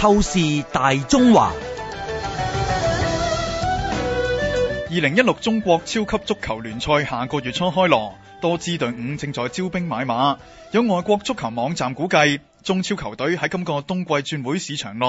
透視大中華。二零一六中國超級足球聯賽下個月初開鑼，多支隊伍正在招兵買馬。有外國足球網站估計。中超球隊喺今個冬季轉會市場內，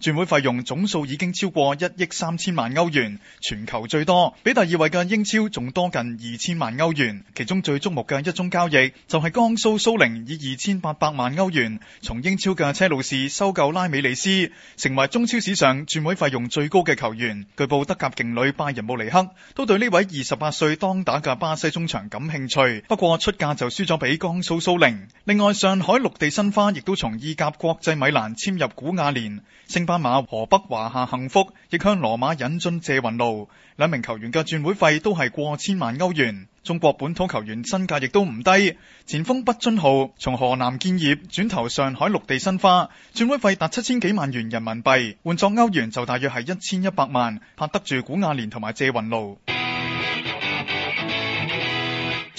轉會費用總數已經超過一億三千萬歐元，全球最多，比第二位嘅英超仲多近二千萬歐元。其中最矚目嘅一宗交易就是蘇蘇，就係江蘇蘇寧以二千八百萬歐元從英超嘅車路士收購拉美利斯，成為中超史上轉會費用最高嘅球員。據報德甲勁旅拜仁慕尼黑都對呢位二十八歲當打嘅巴西中場感興趣，不過出價就輸咗俾江蘇蘇寧。另外，上海綠地申花亦都。從意甲國際米蘭簽入古亞連，升班馬河北華夏幸福亦向羅馬引進謝雲路，兩名球員嘅轉會費都係過千萬歐元。中國本土球員身價亦都唔低，前鋒畢津浩從河南建業轉投上海綠地申花，轉會費達七千幾萬元人民幣，換作歐元就大約係一千一百萬，拍得住古亞連同埋謝雲路。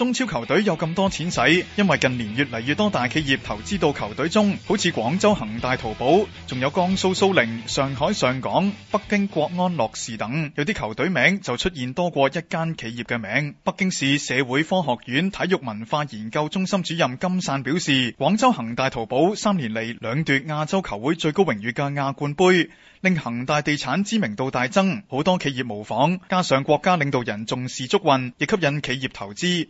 中超球隊有咁多錢使，因為近年越嚟越多大企業投資到球隊中，好似廣州恆大淘寶，仲有江蘇蘇寧、上海上港、北京國安、樂視等，有啲球隊名就出現多過一間企業嘅名。北京市社會科學院體育文化研究中心主任金汕表示，廣州恆大淘寶三年嚟兩奪亞洲球會最高榮譽嘅亞冠杯，令恆大地產知名度大增，好多企業模仿，加上國家領導人重視足運，亦吸引企業投資。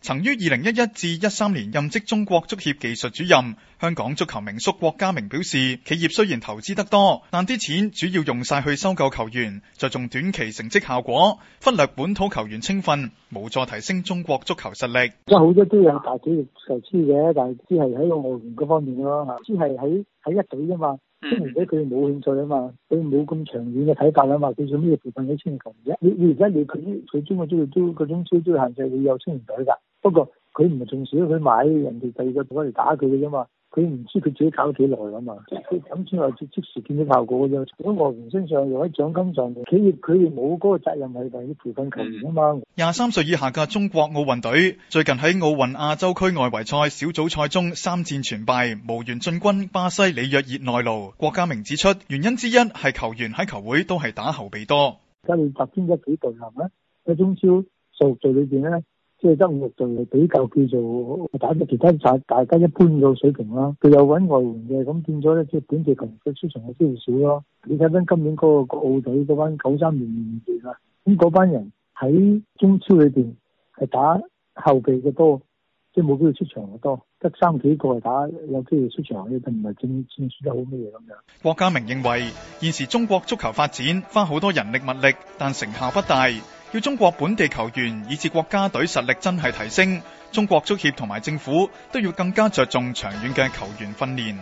曾於二零一一至一三年任職中國足協技術主任。香港足球名宿郭家明表示：企業雖然投資得多，但啲錢主要用晒去收購球員，着重短期成績效果，忽略本土球員青訓，無助提升中國足球實力。即好多都有大企業投資嘅，但係只係喺個外援嗰方面咯，只係喺喺一隊啫嘛。青年隊佢冇興趣啊嘛，佢冇咁長遠嘅睇法啊嘛，佢做咩培訓啲青年球員，你你而家你佢佢中國足球嗰種超資限制會有青年隊㗎？不過佢唔係仲少佢買人哋第二個隊嚟打佢嘅啫嘛，佢唔知佢自己搞咗幾耐啊嘛，咁先可以即時見到效果嘅啫。喺外援身上又喺獎金上，企業佢哋冇嗰個責任係為要培訓球員啊嘛。廿三歲以下嘅中國奧運隊最近喺奧運亞洲區外圍賽小組賽中三戰全敗，無緣進軍巴西里約熱內盧。郭家明指出，原因之一係球員喺球會都係打後備多幾。家要天一起隊合咧，喺中超數隊裏邊咧。即係得澳隊係比較叫做打到其他大大家一般嘅水平啦。佢有揾外援嘅，咁變咗咧即係本地球員嘅出場嘅機會少咯。你睇翻今年嗰個國奧隊嗰班九三年年段啦，咁嗰班人喺中超裏邊係打後備嘅多，即係冇機會出場嘅多，得三幾個係打有機會出場嘅，並唔係正正輸得好咩嘢咁樣。郭家明認為現時中國足球發展花好多人力物力，但成效不大。要中國本地球員以至國家隊實力真係提升，中國足協同埋政府都要更加著重長遠嘅球員訓練。